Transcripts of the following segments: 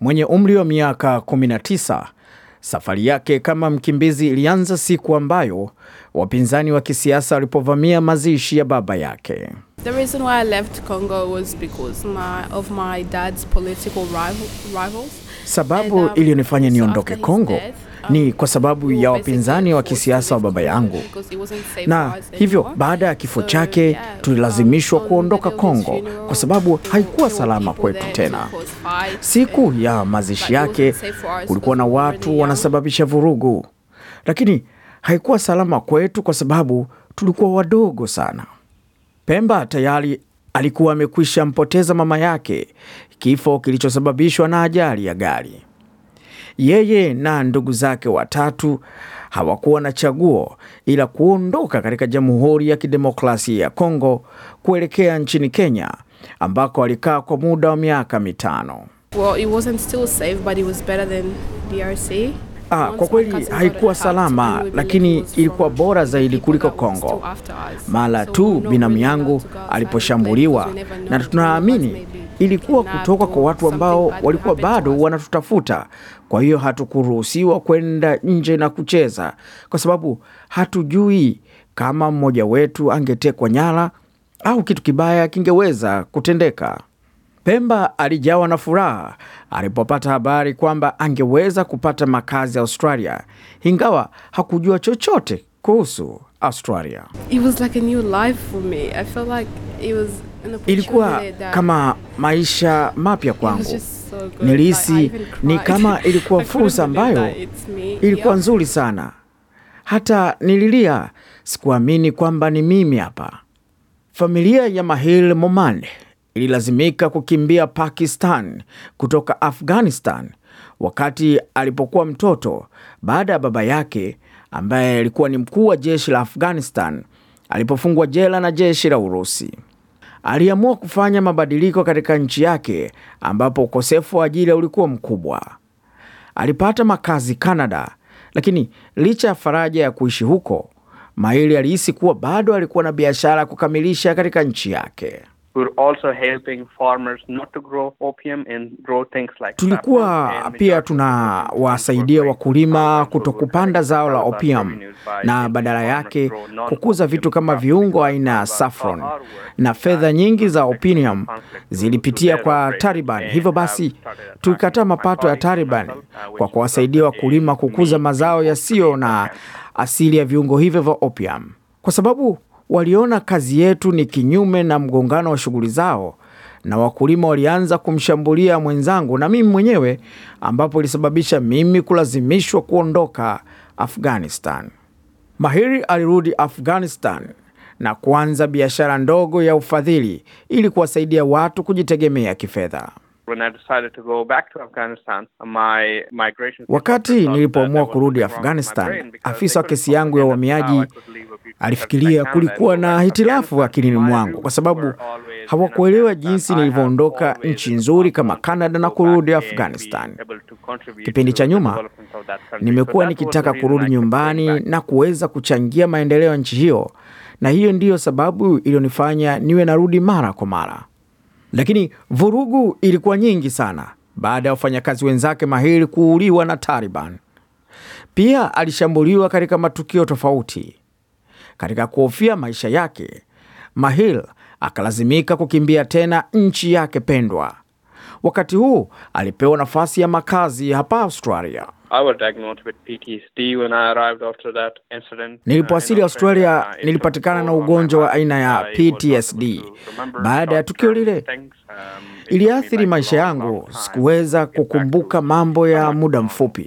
mwenye umri wa miaka 19. Safari yake kama mkimbizi ilianza siku ambayo wapinzani wa kisiasa walipovamia mazishi ya baba yake. The reason why I left Congo was because my, of my dad's political rival, rivals. Sababu um, iliyonifanya niondoke Kongo Congo um, ni kwa sababu ya wapinzani wa kisiasa wa baba yangu, na hivyo baada ya kifo chake tulilazimishwa um, kuondoka Kongo kwa sababu haikuwa salama kwetu tena. Siku ya um, mazishi yake kulikuwa na watu wanasababisha vurugu, lakini haikuwa salama kwetu kwa sababu tulikuwa wadogo sana. Pemba tayari alikuwa amekwisha mpoteza mama yake, kifo kilichosababishwa na ajali ya gari. Yeye na ndugu zake watatu hawakuwa na chaguo ila kuondoka katika Jamhuri ya Kidemokrasia ya Kongo kuelekea nchini Kenya ambako alikaa kwa muda wa miaka mitano. Well, Ah, kwa kweli haikuwa salama, lakini ilikuwa bora zaidi kuliko Kongo. Mara tu binamu yangu aliposhambuliwa, na tunaamini ilikuwa kutoka kwa watu ambao walikuwa bado wanatutafuta. Kwa hiyo hatukuruhusiwa kwenda nje na kucheza, kwa sababu hatujui kama mmoja wetu angetekwa nyara au kitu kibaya kingeweza kutendeka. Pemba alijawa na furaha alipopata habari kwamba angeweza kupata makazi Australia, ingawa hakujua chochote kuhusu Australia. Ilikuwa kama maisha mapya kwangu. So nilihisi ni kama ilikuwa fursa ambayo ilikuwa nzuri sana. Hata nililia, sikuamini kwamba ni mimi hapa. Familia ya mahil Momane ililazimika kukimbia Pakistan kutoka Afghanistan wakati alipokuwa mtoto baada ya baba yake ambaye alikuwa ni mkuu wa jeshi la Afghanistan alipofungwa jela na jeshi la Urusi. Aliamua kufanya mabadiliko katika nchi yake ambapo ukosefu wa ajira ulikuwa mkubwa. Alipata makazi Kanada, lakini licha ya faraja ya kuishi huko, Maili alihisi kuwa bado alikuwa na biashara ya kukamilisha katika nchi yake. We're also helping farmers not to grow opium and grow things like tulikuwa pia tunawasaidia wakulima kutokupanda zao la opium na badala yake kukuza vitu kama viungo aina ya saffron, na fedha nyingi za opium zilipitia kwa Taliban. Hivyo basi tulikataa mapato ya uh, Taliban kwa kuwasaidia wakulima kukuza mazao yasiyo na asili ya viungo hivyo vya opium kwa sababu waliona kazi yetu ni kinyume na mgongano wa shughuli zao, na wakulima walianza kumshambulia mwenzangu na mimi mwenyewe, ambapo ilisababisha mimi kulazimishwa kuondoka Afghanistan. Mahiri alirudi Afghanistan na kuanza biashara ndogo ya ufadhili ili kuwasaidia watu kujitegemea kifedha. Wakati nilipoamua kurudi Afghanistan, afisa wa kesi yangu ya uhamiaji alifikiria kulikuwa na hitilafu akilini mwangu, kwa sababu hawakuelewa jinsi nilivyoondoka nchi nzuri kama Canada na kurudi Afghanistan. Kipindi cha nyuma nimekuwa nikitaka kurudi nyumbani na kuweza kuchangia maendeleo ya nchi hiyo, na hiyo ndiyo sababu iliyonifanya niwe narudi mara kwa mara. Lakini vurugu ilikuwa nyingi sana baada ya wafanyakazi wenzake mahiri kuuliwa na Taliban. Pia alishambuliwa katika matukio tofauti. Katika kuhofia maisha yake, Mahir akalazimika kukimbia tena nchi yake pendwa. Wakati huu alipewa nafasi ya makazi hapa Australia. Nilipowasili Australia nilipatikana na ugonjwa wa aina ya PTSD baada ya tukio lile. Um, iliathiri maisha yangu, sikuweza kukumbuka mambo ya muda mfupi.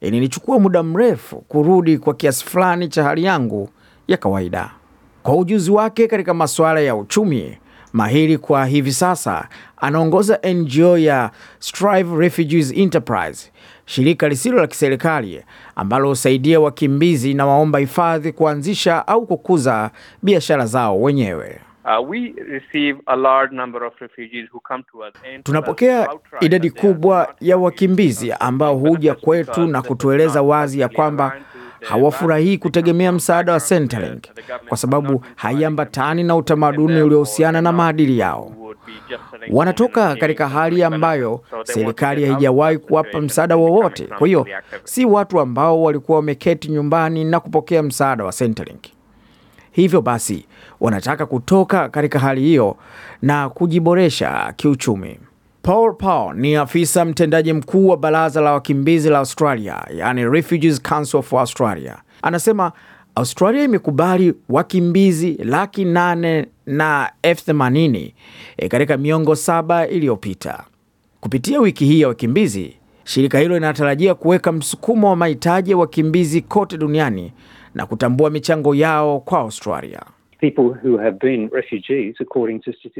Eh, Ilinichukua muda mrefu kurudi kwa kiasi fulani cha hali yangu ya kawaida. Kwa ujuzi wake katika masuala ya uchumi, mahiri kwa hivi sasa anaongoza NGO ya Strive Refugees Enterprise, shirika lisilo la kiserikali ambalo husaidia wakimbizi na waomba hifadhi kuanzisha au kukuza biashara zao wenyewe. Uh, we receive a large number of refugees who come to us. Tunapokea idadi kubwa ya wakimbizi ambao huja kwetu na kutueleza wazi ya kwamba hawafurahii kutegemea msaada wa Centrelink kwa sababu haiambatani na utamaduni uliohusiana na maadili yao. Wanatoka katika hali ambayo serikali haijawahi kuwapa msaada wowote. Kwa hiyo si watu ambao walikuwa wameketi nyumbani na kupokea msaada wa Centrelink. Hivyo basi wanataka kutoka katika hali hiyo na kujiboresha kiuchumi. Paul Power ni afisa mtendaji mkuu wa baraza la wakimbizi la Australia, yani Refugees Council for Australia, anasema Australia imekubali wakimbizi laki nane na elfu themanini e, katika miongo saba iliyopita. Kupitia wiki hii ya wakimbizi, shirika hilo linatarajia kuweka msukumo wa mahitaji ya wakimbizi kote duniani na kutambua michango yao kwa Australia.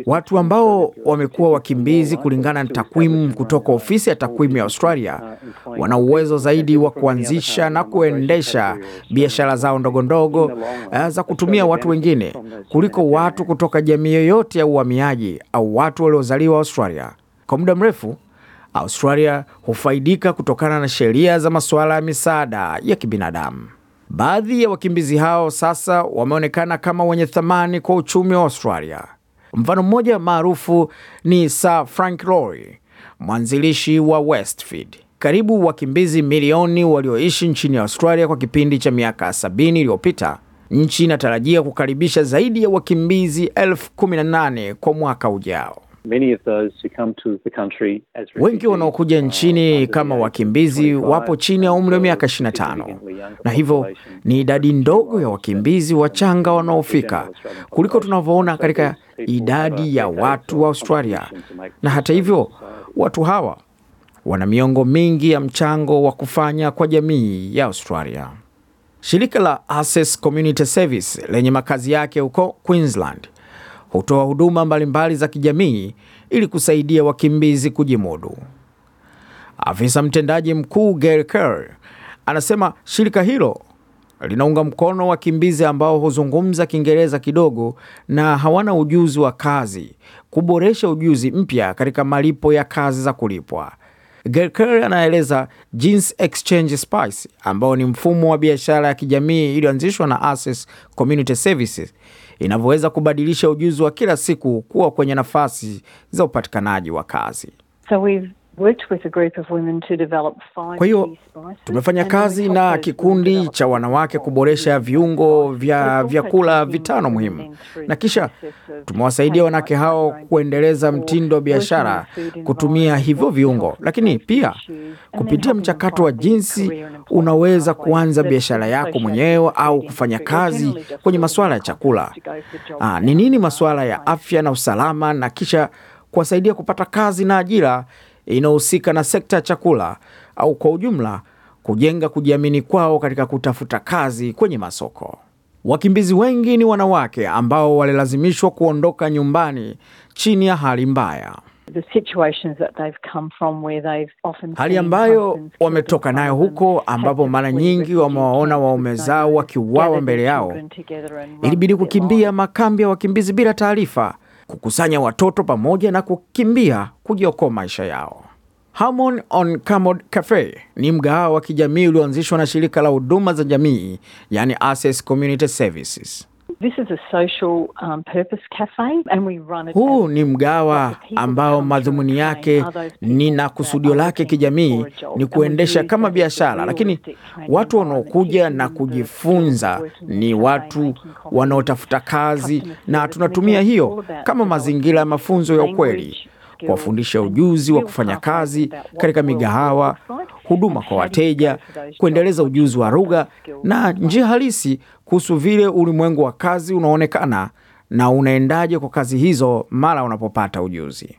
Watu ambao wamekuwa wakimbizi kulingana na takwimu kutoka ofisi ya takwimu ya Australia uh, wana uwezo zaidi wa kuanzisha na kuendesha biashara zao ndogondogo eh, za kutumia watu wengine kuliko watu kutoka jamii yoyote ya uhamiaji au watu waliozaliwa Australia. Kwa muda mrefu, Australia hufaidika kutokana na sheria za masuala ya misaada ya kibinadamu. Baadhi ya wakimbizi hao sasa wameonekana kama wenye thamani kwa uchumi wa Australia. Mfano mmoja maarufu ni Sir Frank Rory, mwanzilishi wa Westfield. Karibu wakimbizi milioni walioishi nchini Australia kwa kipindi cha miaka 70 iliyopita. Nchi inatarajia kukaribisha zaidi ya wakimbizi elfu 18 kwa mwaka ujao. Wengi wanaokuja uh, nchini kama wakimbizi wapo chini ya umri wa miaka 25, na hivyo ni idadi ndogo ya wakimbizi wachanga wanaofika kuliko tunavyoona katika idadi ya watu wa Australia. Na hata hivyo, watu hawa wana miongo mingi ya mchango wa kufanya kwa jamii ya Australia. Shirika la Access Community Service lenye makazi yake huko Queensland hutoa huduma mbalimbali za kijamii ili kusaidia wakimbizi kujimudu. Afisa mtendaji mkuu Gary Kerr anasema shirika hilo linaunga mkono wakimbizi ambao huzungumza Kiingereza kidogo na hawana ujuzi wa kazi, kuboresha ujuzi mpya katika malipo ya kazi za kulipwa Gary anaeleza jinsi Exchange Spice ambao ni mfumo wa biashara ya kijamii iliyoanzishwa na Access Community Services inavyoweza kubadilisha ujuzi wa kila siku kuwa kwenye nafasi za upatikanaji wa kazi. So we've kwa hiyo tumefanya kazi na kikundi cha wanawake kuboresha viungo vya vyakula vitano muhimu, na kisha tumewasaidia wanawake hao kuendeleza mtindo wa biashara kutumia hivyo viungo, lakini pia kupitia mchakato wa jinsi unaweza kuanza biashara yako mwenyewe au kufanya kazi kwenye masuala ya chakula, ah, ni nini masuala ya afya na usalama, na kisha kuwasaidia kupata kazi na ajira inayohusika na sekta ya chakula au kwa ujumla kujenga kujiamini kwao katika kutafuta kazi kwenye masoko. Wakimbizi wengi ni wanawake ambao walilazimishwa kuondoka nyumbani chini ya hali mbaya. Hali ambayo wametoka nayo huko, ambapo mara nyingi wamewaona waume zao wakiuawa mbele yao, ilibidi kukimbia makambi ya wakimbizi bila taarifa kukusanya watoto pamoja na kukimbia kujiokoa maisha yao. hamon on Camod Cafe ni mgahawa wa kijamii ulioanzishwa na shirika la huduma za jamii, yani Access Community Services. Um, Huu ni mgawa ambao madhumuni yake ni na kusudio lake kijamii ni kuendesha kama biashara, lakini watu wanaokuja na kujifunza ni watu wanaotafuta kazi, na tunatumia hiyo kama mazingira ya mafunzo ya ukweli kuwafundisha ujuzi wa kufanya kazi katika migahawa, huduma kwa wateja, kuendeleza ujuzi wa lugha na njia halisi kuhusu vile ulimwengu wa kazi unaonekana na unaendaje kwa kazi hizo mara unapopata ujuzi.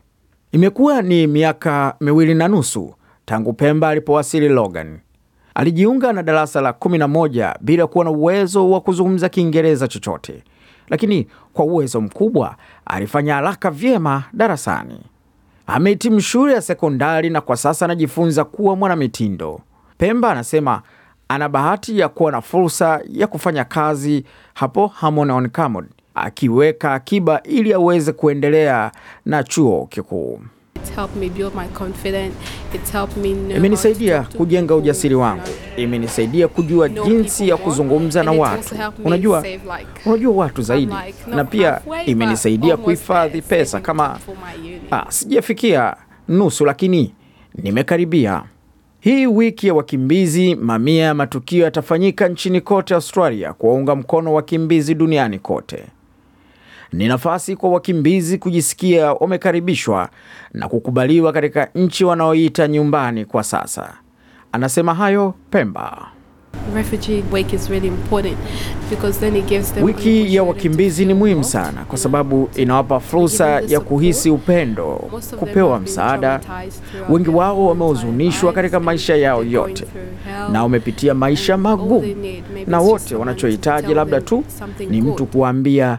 Imekuwa ni miaka miwili na nusu tangu Pemba alipowasili Logan. Alijiunga na darasa la 11 bila kuwa na uwezo wa kuzungumza Kiingereza chochote, lakini kwa uwezo mkubwa alifanya haraka vyema darasani. Amehitimu shule ya sekondari na kwa sasa anajifunza kuwa mwanamitindo. Pemba anasema ana bahati ya kuwa na fursa ya kufanya kazi hapo Harmony on Common, akiweka akiba ili aweze kuendelea na chuo kikuu. Imenisaidia kujenga ujasiri wangu, imenisaidia kujua jinsi ya kuzungumza na watu, unajua unajua watu zaidi, na pia imenisaidia kuhifadhi pesa. Kama ah, sijafikia nusu, lakini nimekaribia. Hii wiki ya wakimbizi, mamia ya matukio yatafanyika nchini kote Australia kuwaunga mkono wakimbizi duniani kote ni nafasi kwa wakimbizi kujisikia wamekaribishwa na kukubaliwa katika nchi wanaoita nyumbani kwa sasa. Anasema hayo Pemba. Wiki ya wakimbizi ni muhimu sana kwa sababu inawapa fursa ya kuhisi upendo, kupewa msaada. Wengi wao wamehuzunishwa katika maisha yao yote na wamepitia maisha magumu, na wote wanachohitaji labda tu ni mtu kuwaambia